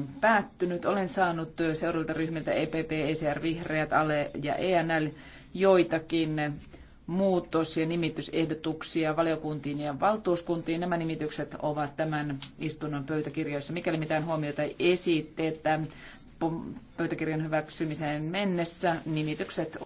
on päättynyt. Olen saanut seuraavilta ryhmiltä EPP, ECR, Vihreät, ALE ja ENL joitakin muutos- ja nimitysehdotuksia valiokuntiin ja valtuuskuntiin. Nämä nimitykset ovat tämän istunnon pöytäkirjoissa. Mikäli mitään huomiota ei esitetä pöytäkirjan hyväksymiseen mennessä, nimitykset